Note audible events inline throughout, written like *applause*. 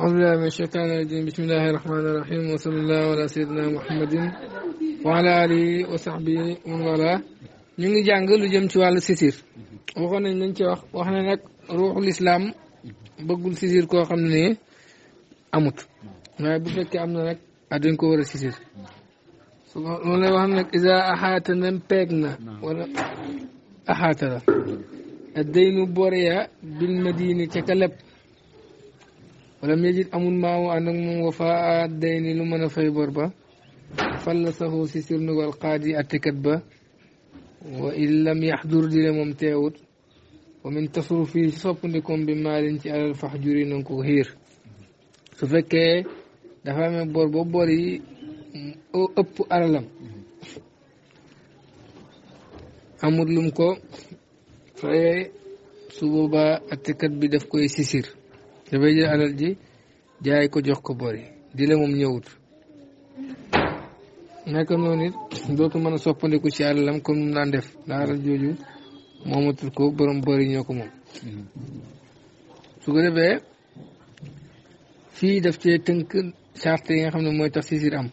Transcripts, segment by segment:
أعوذ بالله من الشيطان الرجيم بسم الله الرحمن الرحيم وصلى الله على سيدنا محمد وعلى آله وصحبه ومن والاه ñu ngi jàng lu jëm ci wàllu sisir waxoon nañ nañ ci wax wax na nag ruuxul islaam bëggul sisir koo xam ne amut waaye bu fekkee am na nag ah dañ ko war a sisir loolu lay wax nag isa axaata nam peeg na wala axaata la addaynu boreya bil madini ca ka leb ولم يجد أمون معه أن وفاء الدين لمن في بربا فلسه سيسر نوال قاضي أتكتبا وإن لم يحضر دين ممتعوت ومن تصرفي سبنكم بمال انت على الفحجوري ننكو هير سوفك دفع من بربا بوري أبو أرلم أمور لمكو فأي سبوبا أتكتبي دفكو سيسر dafay jël alal ji jaay ko jox ko bori di la moom ñëwut naka noonu it dootu a soppandiku ci alalam comme mu naan def ndax alal jooju moomatul ko borom bori ñoo ko moom su ko defee fii daf cee tënk charte yi nga xam ne mooy tax sisir am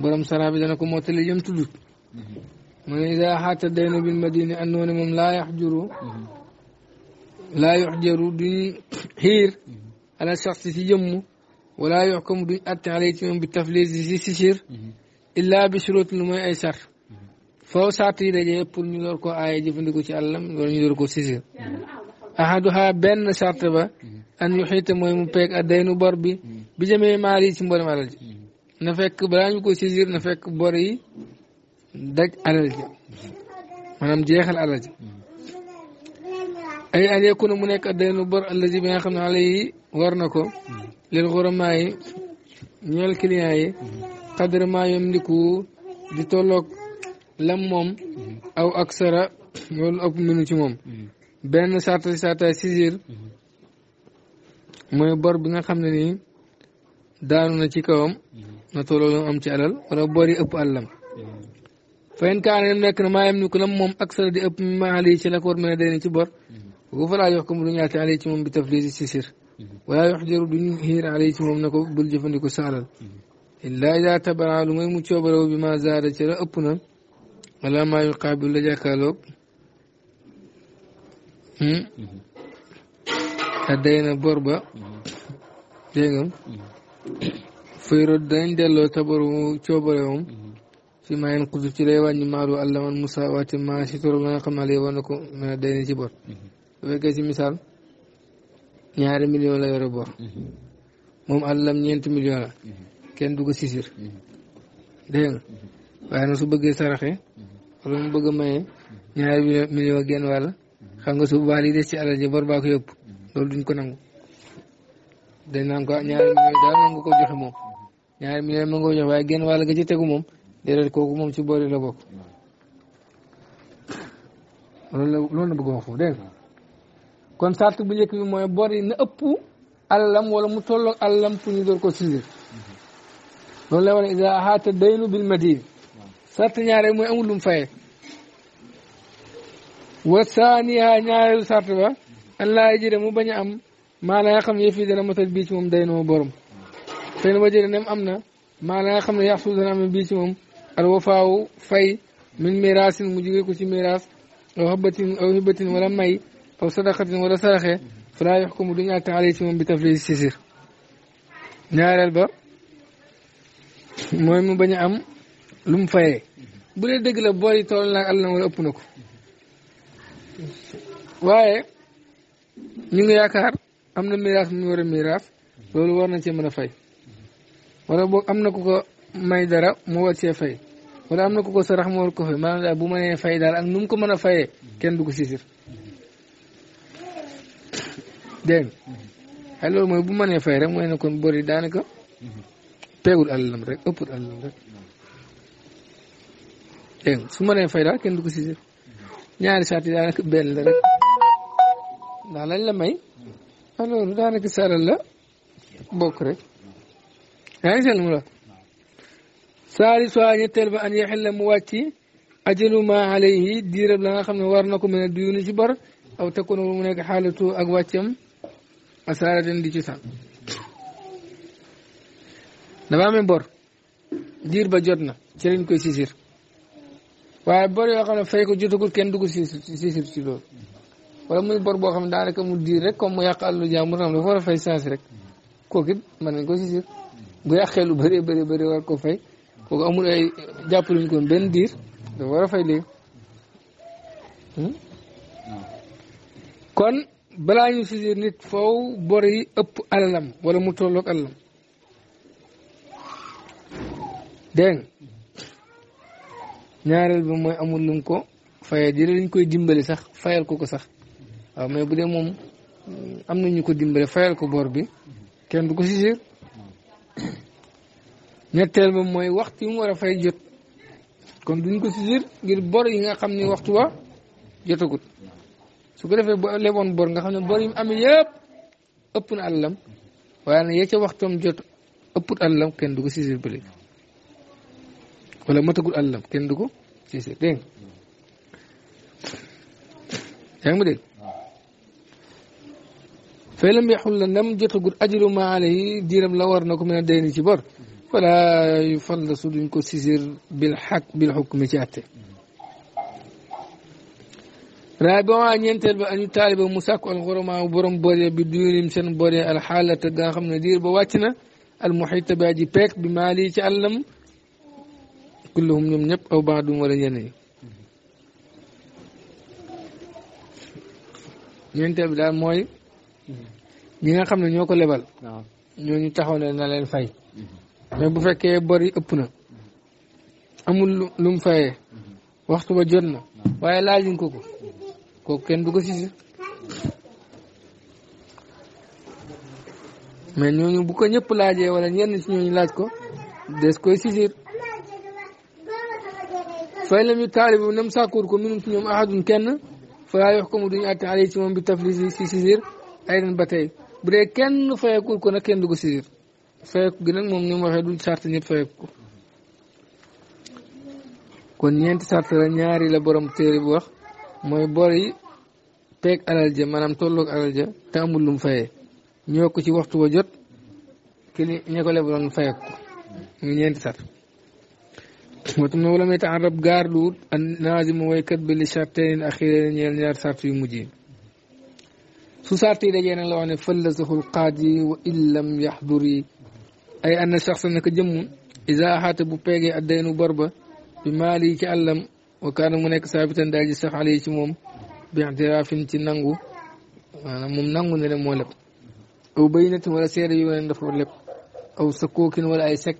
borom sara bi dana ko mottali yëm tuddut mu ne daa xaata dayno bil madini moom laa yax juru لا يحجر دي حير على شخص تجمه ولا يحكم دي أت عليه تمام بالتفليز دي سشير إلا بشروط نما أيسر فهو ساتي دي يقول نيور كو آي جفن دي كوشي ألم نيور كو أحدها بين شرط أن يحيط مهم بيك أدين بربي بجميع مالي سنبول مالج نفك بلان يكو سشير نفك بري دك ألج منام جيخ الألج ay an yakuna mu nekk addaynu bor allazi bi nga xam ne ala war na ko lil xuramaa yi ñeel client yi xadra maa yamliku di tollook lam moom aw aksara loolu ëpp minu ci moom benn sarta sarta sisir mooy bor bi nga xam ne ni daanu na ci kawam na tolloo lu am ci alal wala bor yi ëpp àllam fayn kaane nekk na maa yamliku lam moom aksara di ëpp maali ci la ko war mën a dee ci bor وفلا يحكم دنيات عليكم بتفليز السسر ولا يحضر بنهير عليكم نكو بالجفن كسالا إلا إذا تبرع لمي يمتشو بما زاد شرا أبنا ولا ما يقابل لجاك لوب هدينا بربا جيغم فيرد دين دلو تبرو تشوبرهم fi ma yen kudu ci lay wàññi maalu allaman musawaati ma si عليه ونكو من الدين جبر su fekkee si misaal ñaari million la yore bor mhm. moom àllam ñeenti million la mhm. kenn du ko sisir mhm. dégg waaye nag su bëggee saraxe wala mu bëgg a maye ñaari million genn wàll xam nga su boobaa li des ci alal ji bor baa ko yëpp loolu duñ ko nangu dañ naan ko ñaari million daal nangu ko joxe moom ñaari million ma nga ko joxe waaye genn wàll ga ci tegu moom déedéet kooku moom ci boori la bokk loolu la loolu bëgg wax foofu kon sart bu njëkk bi mooy bor yi na wala mu tolloog alalam pour ñu door ko saisir loolu la war a idaa haata daynu bil madin sart ñaare mooy amul lu mu fayee wa saaniha ñaareelu sart ba allah jëre mu bañ a am maa la nga xam ne yëf yi dana matal bii ci moom daynoo borom xëy na ba jëre nem am na maa la nga xam ne yàq suuf dana am bii ci moom al wafaawu fay min miraasin mu jugee ko ci miraas aw xibbatin wala may aw sadaqatin wala saraxe falaa yaxkumu duñu àtte alay ci moom bi tafli sisir ñaareel ba mooy mu bañ am lu mu fayee bu dee dëgg la boori tool naag àll na wala ëpp na ko waaye ñu ngi yaakaar am na miraas mu war a miraas loolu war na cee mën a fay wala boo am na ku ko may dara mu war cee fay wala am na ko ko sarax mu war ko fay maanaam daal bu mënee fay daal ak nu mu ko mën a fayee kenn du ko sisir dégg nga mooy bu mënee fay rek mooy ne kon bor yi daanaka peegul alalam rek ëppul alalam rek dégg su mënee fay daal kenn du ko si ñaari saat yi daanaka la rek ndax lañ la may ah, loolu daanaka saral la bokk rek yaa ngi seen mu la saali soi ñetteel ba an yaxel la mu wàcc ma alayhi diirab la xam ne war na ko mën a duyuni ci bor aw takkoon mu nekk xaalatu ak wàccam asaara den di ci sax dafa bor diir ba jot na ci lañ koy sisir waaye bor yoo xam ne fay ko jotagul kenn du ko sisir ci loolu wala muy bor boo xam ne daanaka mu diir rek comme mu yàq àllu jàmbur xam dafa war a fay saasi rek kooku it nañ ko sisir bu yàqee lu bëree bëri bëri war ko fay kooku amul ay jàppaluñ koon benn diir dafa war a fay léegi hmm? Hmm. kon balaa ñu saisir nit foow bor yi ëpp alalam wala mu tolloog alalam dégg ñaareel bi mooy amul lu ko fayee dina lañ koy dimbali sax fayal ko ko sax waaw mais bu dee moom am na ñu ko dimbali fayal ko bor bi kenn du ko saisir ñetteel ba mooy waxtu mu war a fay jot kon duñ ko saisir ngir bor yi nga xam ni waxtu wa jotagut su ko defee ba leboon bor nga xam ne bor yi am yëpp ëpp na àllam waaye nag ya ca waxtoom jot ëpput àllam kenn du ko siisir bële wala matagul àllam kenn du ko siisir dégg yaa ngi ma dégg fay lam yaxul la ndam jotagul ajru ma alayhi diiram la war na ko mën a day ni ci bor wala yu fan su duñ ko siisir bil xaq bil xukmi ci àtte raabiwaa ñeenteel ba añu taaliba mu sàkku alxurama borom booree bi duyunim seen booree alxaalata ga nga xam ne diir ba wàcc na almuxiita bi aji peek bi maali ci àllam kulluhum ñoom ñëpp aw baadum wala ñenn yi ñeenteel bi daal mooy ñi nga xam ne ñoo ko lebal ñooñu taxaw ne leen fay bu fekkee bor yi ëpp na amul lu mu fayee mm-hmm. waxtu ba jot waaye laaj ko ko kooku kenn du ko siisi mais ñooñu bu ko ñëpp laajee walla ñenn ci ñooñu laaj ko des koy sisir fay lam yu taalibu nam sàkkuur ko minum ci ñoom ahadun kenn falaa mu duñu àtte alay ci moom bi taflis si sisir ay den ba tey bu dee kenn fayeekuur ko nag kenn du ko sisir fayeeku gi nag moom ni mu waxee du sart ñëpp fayeeku kon ñeenti sart la ñaari la borom téere bi wax mooy bor yi peeg alal ja maanaam tolloog alal ja te amul lu ñoo ko ci waxtu wa jot kili ñe ko lebaloon fayek ko ñu ñeenti sat watum na wala may ta an rab gaar luut a naazima waykat bi li sarteyn axiré ñeel sart yu mujj yi su sart yi dajee nag la wax ne fallasahul qaadi wa in lam yaxduri ay anna shaxsa naka jëmm isa axaata bu peegee addaynu bor ba bi maali ci àllam wakaana mu nekk saabitan daal ji sax ale ci moom bi ixtiraafin ci nangu moom nangu ne ne moo leb aw baynatin wala seede yu wane dafa leb aw sakookin wala ay sek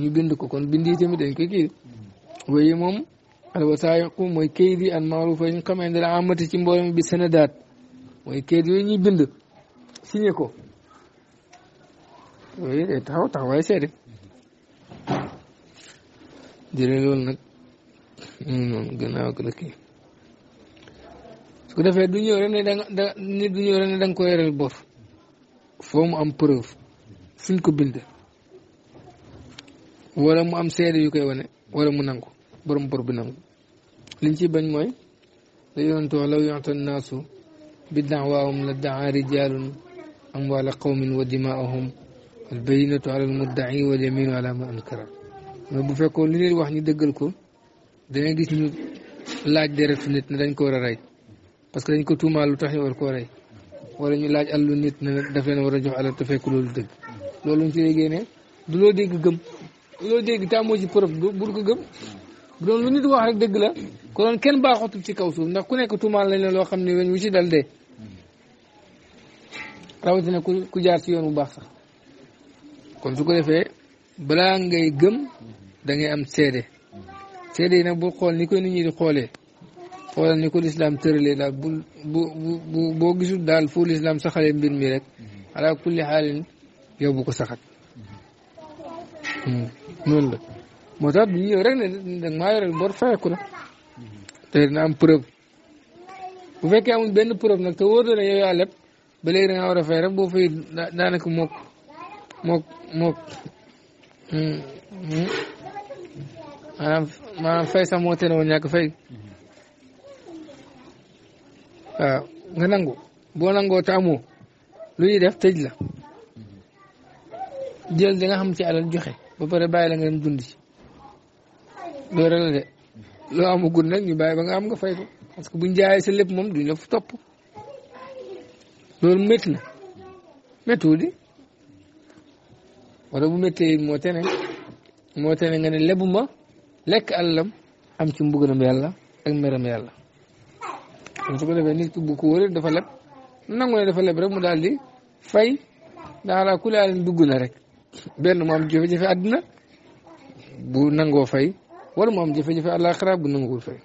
ñu bind ko kon bind yi tamit dañ koy kii waaye moom alwasaayiqu mooy kayit yi al maarufa ñu xamee ne la amati ci mboolem bi sanadaat mooy kayit yooyu ñuy bind signé ko yooyu day taxaw taxawaay seede jëlee loolu nag Hmm, moom gannaaw ak la kii su ko defee du da nit du ko yoreel bor foo mu am preuve fuñ ko bind wala mu am seede yu koy wane wala mu nangu borom bor bi nangu liñ ciy bañ mooy la yonent wax law yoxta naasu bi daawaahum la daa rijaalun amwaala wa dimaahum al bayinatu ala al muddaci wal yaminu ala ma ankara mais bu fekkoon li leen wax ñu dëggal ko danga gis ñu laaj deretu nit ne dañ ko war a rey parce que dañ ko tuumaal lu tax war koo rey wala ñu laaj alalu nit ne daf leen war a jox alal te fekk loolu dëgg loolu ñu ci déggee du loo dégg gëm loo dégg tàmmoo ci preuve bul ko gëm bu doon lu nit wax rek dëgg la ko doon kenn baaxatul ci kaw suuf ndax ku nekk tuumaal lañ loo xam ne weñ wu ci dal dee rawatina ku ku jaar ci yoon bu baax sax kon su ko defee balaa ngay gëm dangay am seede téere yi nag bul xool ni koy nit ñi di xoolee xoolal ni ko lislaam tëralee daal bul bu bu boo gisul daal foo lislaam saxalee mbir mi rek ala kulli yow bu ko saxat hmm, noonu la moo tax du ñëw rek ne danga maa yoreel bor fayeku la te dina am bu fekkee amul benn preuve nag te wóor na la yow yaa leb ba léegi da ngaa war a fay rek boo fay daanaka hmm, hmm. maanaam maanaam fay sax moo teel a woon ñàkk fay waaw nga nangu boo nangoo te lu ñuy def tëj la jël di nga xam ci alal joxe ba pare bàyyi la nga dem dund ci loolu rek la de loo amagul nag ñu bàyyi ba nga am nga fay ko parce que buñ jaayee sa lépp moom duñ la fa topp loolu métti na méttiwu di walla bu méttee moo tene moo tene nga ne lebuma lekk alalam am ci mbugalam yàlla ak meram yàlla kon su ko defee nit ki bu ko wóoree dafa leb nangu ne dafa leb rek mu daal di fay daala ku laalin dugg na rek benn mu am jafe-jafe àddina bu nangoo fay wala mu am jafe-jafe àllaaxira bu nanguwul fay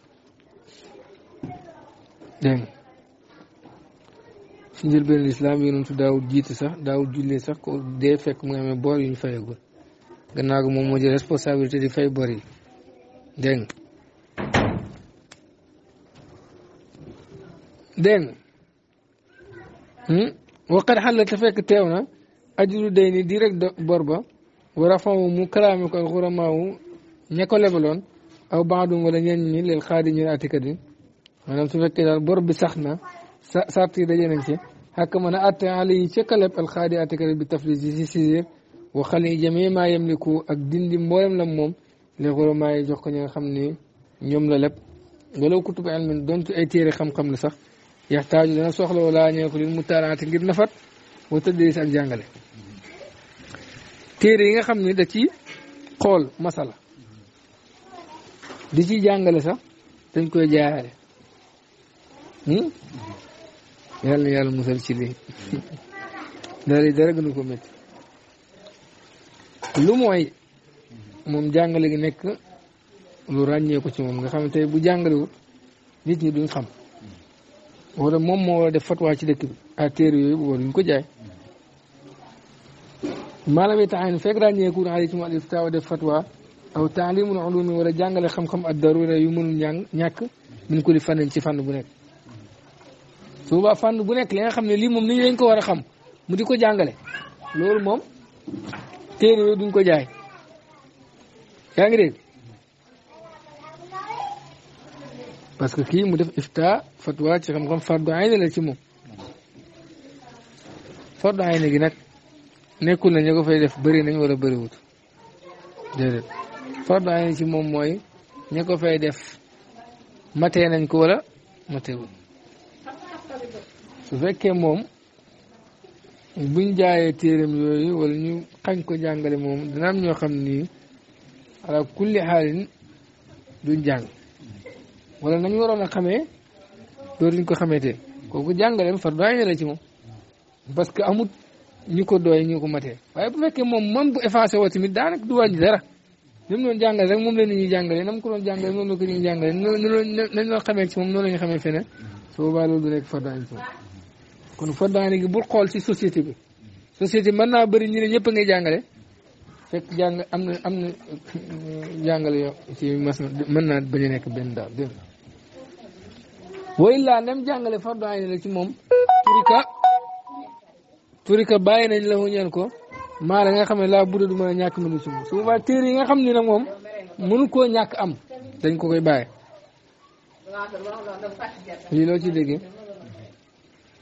dégg sax daawul jullee sax ko dee fekk mu amee bor yu ñu fayagul gannaaw gi moom moo jël responsabilité di fay bor yi dégg dégg waqat xalla te fekk teew na ajulu day ni di rek bor ba war a famu mu kalaame ko alxuramaawu ña ko lebaloon aw baadum wala ñenn ñi leel xaadi ñu atikat yi maanaam su fekkee daal bor bi sax na sa sart yi daje nañ ci xakk mën a atte ali yi ca kaleb alxaadi atikat bi taflis yi si siir waxal yi jamee maa yemliku ak dindi mboolem la moom les ulama yi jox ko ñu nga xam ni ñoom la lépp wala kutub ilmin donte ay téere xam-xam la sax yaxtaaju dana soxla wala ñee ko lil mutaalaati ngir nafat wa tadris ak jàngale téere yi nga xam ni da ci xool masala di ci jàngale sax dañ koy jaayaale hmm? yàlla yàlla musal ci lii *laughs* dara dara gënu ko métti lu mooy moom jàngale gi nekk lu ràññeeku ci moom nga xam ne tey bu jàngalewut nit ñi duñ xam wala moom moo war def fatwa ci dëkk bi à téere yooyu bu duñ ko jaay maalam yi taxaw fekk ràññeeku naa ci mu alif taaw def fatwa aw taalimul ulumi wala jàngale ak darura yu mënul ñàng ñàkk min ko li fànn ci fànn bu nekk su fànn bu nekk li nga xam ne lii moom nit ñi dañ ko war a xam mu di ko jàngale loolu moom téere yooyu duñ ko jaay yaa ngi dégg parce que kii mu def ifta fatwa ci xam-xam fardu ayni la ci moom fardu ayni gi nag nekkul na ñu ko fay def bëri nañ wala bëriwut déedéet fardu ayni ci moom mooy ña ko fay def matee nañ ko wala matewut su fekkee moom buñ jaayee téeram yooyu wala ñu xañ ko jàngale moom dina ñoo xam nii ala kulli xaalin du jàng wala nañ waroon a xamee dootuñ ko xameetee kooku jàngaleem far doy la ci parce que amut ñu ko doy ñu ko matee waaye bu fekkee moom moom bu effacé woo tamit daanaka du wàññi dara li mu doon jàngale rek moom la nit ñi jàngalee na mu ko doon jàngalee moom la ko nit ñi jàngalee nañ doon xamee ci moom noonu la ñu xamee feneen su boobaa loolu du nekk fardaan ci moom kon fardaan gi bu xool si société bi société mën naa bëri ñu ne ñëpp a ngay jàngale fekk jàng am na am na jàngale yoo mën naa nekk benn daal dégg nga laa ndem jàngale fardu ayni la ci moom turika bàyyi nañ la ñeen ko maa la nga xam ne laa budda du mën a ñàkk minu ci moom su boobaa nga xam ne nag moom mënu koo ñàkk am dañ ko koy bàyyi lii loo ci déggee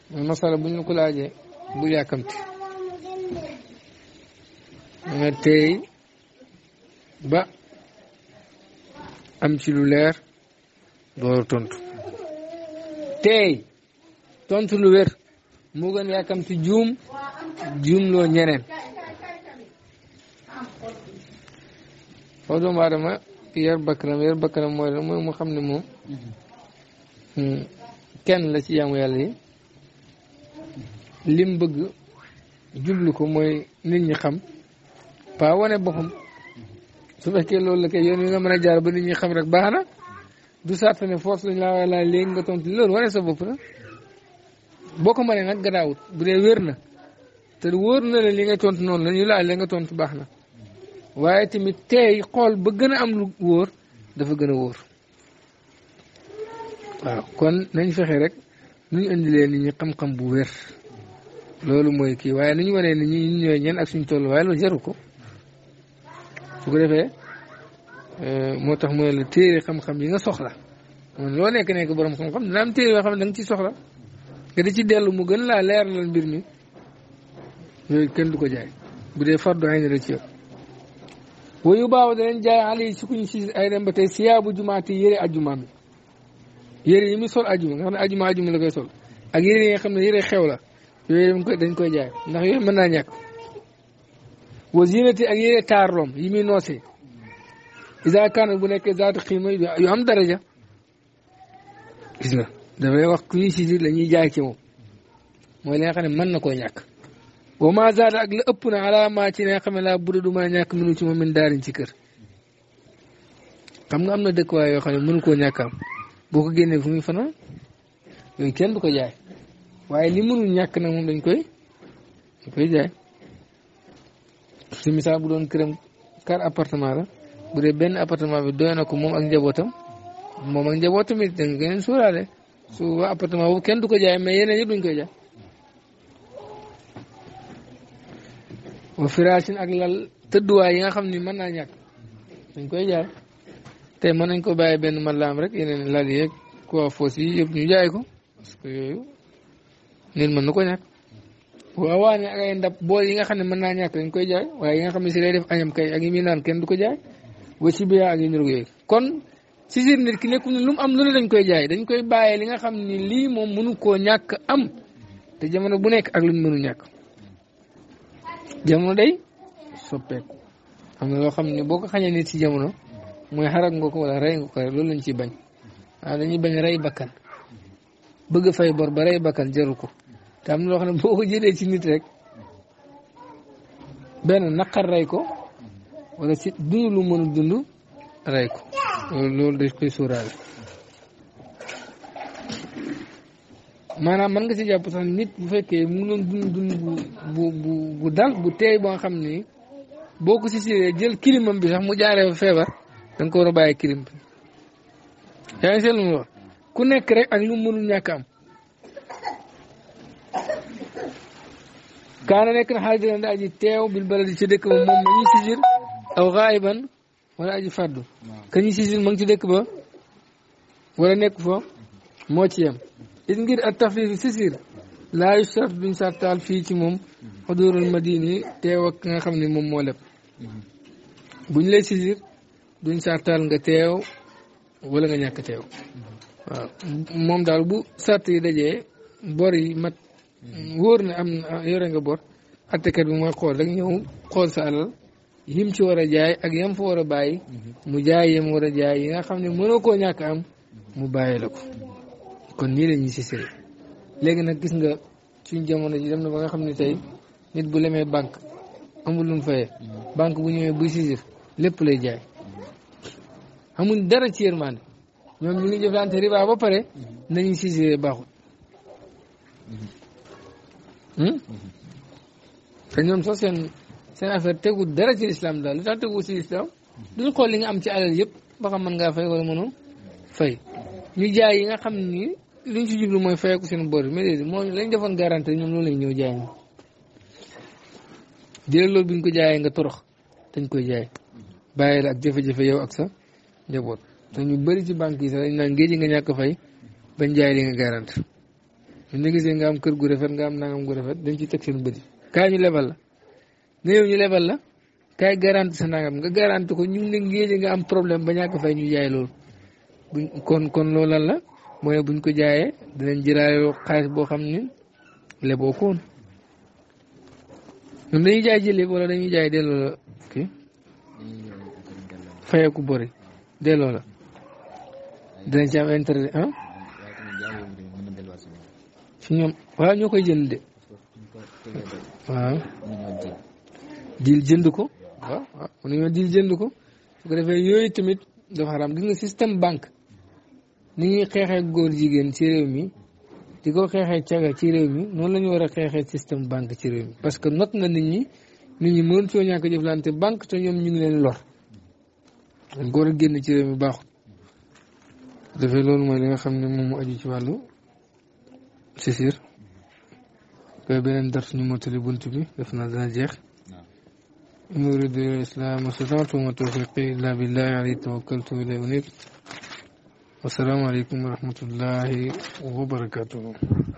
mooy masala bu ñu ko laajee bu yàkkamti da teey ba am ci lu leer door tontu teey tontu lu wér moo gën yàkkamti juum juum loo ñeneen foo doomu aadama yar bakkanam yar bakkanam mooy la mooy mu xam ne moom mm, kenn la ci yaamu yàlla yi lim bëgg jublu ko mooy nit ñi xam paa wane boppam su fekkee loolu la kay yoon wi nga mën a jaar ba nit ñi xam rek baax na du sàrt ne force lañ laa laaj léegi nga tontu loolu wane sa bopp la boo ko mënee nag gadaawut bu dee wér na te wóor na la li nga tont noonu la ñu laaj la nga tontu baax na waaye tamit tey xool ba gën a am lu wóor dafa gën a wóor waaw kon nañ fexe rek nu ñu indilee nit ñi xam bu weer loolu mooy kii waaye nu ñu wanee nit ñi ñooy ñan ak suñ tolluwaay loolu jaru ko. su ko defee euh, moo tax mu ne la téere xam-xam yi nga soxla man loo nekk nekk borom xam-xam dina am téere yoo xam ne da ciy soxla di ci dellu mu gën laa leeralal mbir mi yooyu kenn du ko jaay bu dee fardu ay la ci yow. wayu baaw danañ jaay xale sukkuñ si ay dem ba tey siyaabu jumaati yére ajuma bi yére yi muy sol ajuma nga xam ne ajuma ajuma la koy sol ak yére yi xam ne yére xew la yooyu dañ koy dañ jaay ndax yooyu mën naa ñàkk. wa zinati ak yére taarloom yi muy noosee isa kaana bu nekkee zaatu xiima yu am daraja gis nga dafay wax kuy si la ñuy jaay ci moom mooy li nga xam ne mën na koo ñàkk wa ma zaada ak la ëpp na ala ma ci ne xam ne laa budda du mën a minu ci moom min daarin ci kër xam nga am na dëkkuwaay yoo xam ne mënu koo ñàkk am boo ko génnee fu muy fanaan yooyu kenn du ko jaay waaye li mënul ñàkk nag moom dañ koy dañ koy jaay si misal bu doon këram quatre appartement la bu dee benn appartement bi doyna ko moom ak njabootam moom ak njabootam it da nga gën a suuraale su appartement boobu kenn du ko jaay mais yeneen yi duñ koy jaay. wa firaasin ak lal tëdduwaay yi nga xam ni mën naa ñàkk dañ koy jaay te mën nañ ko bàyyi benn malaam rek yeneen lal yeeg quoi foos yi yëpp ñu jaay ko parce que yooyu nit mën na ko ñàkk. waaw waa ne ak ay yi nga xam ne mën naa ñàkk dañ koy jaay waaye yi nga xam ne si lay def añam kay ak yi muy naan kenn du ko jaay wa si biyaa ak yi niroog yooyu si sir lu am lu ne koy jaay dañ koy bàyyee nga xam ne lii moom mënu koo ñàkk am te jamono bu nekk ak lu mu mënu ñàkk jamono day soppeeku am na loo xam ne boo ko xañee nit si jamono mooy xarak nga ko wala rey nga rek loolu lañ ciy bañ waaw dañuy bañ rey bakkan bëgg fay bor ba rey bakkan jaru ko te am na xam ne boo ko jëlee ci nit rek benn naqar rey ko wala ci dund lu mën a dund rey ko loolu loolu dañ koy sóoraale maanaam mën nga si jàpp sax nit bu fekkee mu ngi dund bu bu bu dal bu teey ba nga xam ni boo ko si siree jël kilimam bi sax mu jaaree fa feebar da ko war a bàyyi kilim bi yaa ngi seetlu ma wax ku nekk rek ak lu mënul ñàkk am kaana nekk na xaadiran aji teew bil baladi ci dëkk ba moom ma ñuy sijir aw xaayiban wala aji fàddu ka ñuy sijir ma ngi ci dëkk ba walla nekk fa moo ci yam it ngir ak tafriiru sisir laa yu sart duñ sartaal fii ci moom xudurul madini teew ak nga xam ni moom moo lépp mm-hmm. buñ lay sisir duñ sartaal nga teew wala nga ñàkk teew mm-hmm. waaw moom daal bu sart yi dajee mat Mm-hmm. wóor na am na ah, yore nga bor attekat bi mooy xool rek ñëw xool sa alal yim ci war a jaay ak yam fa war a bàyyi mm-hmm. mu jaay yam war a jaay yi nga xam ne mënoo koo ñàkk am mm-hmm. mu bàyyi la ko kon nii la ñu si sëy léegi nag gis nga suñ jamono ji dem na ba nga xam ne tey nit bu lemee banque amul lu mu banque bu ñëwee buy sisif lépp lay jaay amuñ dara ci yërmande ñoom ñu ngi jëflante riba ba pare nañu sisifee baaxul te ñoom sax seen affaire tegu dara ci islam daal li tax tegu ci islam duñu xool li nga am ci alal yëpp ba xam mën ngaa fay wala mënoo fay ñu jaay yi nga xam ni liñ ci jublu mooy fayeku seen bor mais léegi moo lañ defoon garantie ñoom loolu lañ ñëw jaay moom jëlal loolu biñ ko jaayee nga torox dañ koy jaay bàyyi la ak jafe-jafe yow ak sa njaboot te ñu bëri ci banque yi sax dañ naan géej nga ñàkk fay bañ jaay li nga garantie ñu gisee nga am kër gu rafet nga am nangam gu rafet dañ ci teg seen bëri kaay ñu lebal la nga yow ñu lebal la kaay garanti sa nangam nga garanti ko ñu ne nga am problème ba ñàkk fay ñu jaay loolu buñ kon kon loolu la mooy buñ ko jaayee dinañ jëraayoo xaalis boo xam ne leboo koon ñoom dañuy jaay jëlee wala dañuy jaay delloo la kii fayeeku delloo la dinañ ci am intérêt ah ci ñoom waaw ñoo koy jënd de waaw diil jënd ko waaw waaw mën nañoo diil jënd ko su defee yooyu tamit dafa xaram gis nga système banque ni ñuy xeexee góor jigéen ci réew mi di ko xeexee caga ci réew mi noonu lañu war a xeexee système banque ci réew mi parce que not na nit ñi nit ñi mënutoo ñàkk jëflante banque te ñoom ñu ngi leen lor góor a génn ci réew mi baaxut dafay loolu mooy li nga xam ne moom mu aju ci wàllu sisir koy beneen dars ñu mottali bunt bi def na dana jeex in uridu islam wastata'tu ma tawfiqi illa billahi alayhi tawakkaltu wa ilayhi unib wassalaamu aleykum wa rahmatullahi wa barakatuhu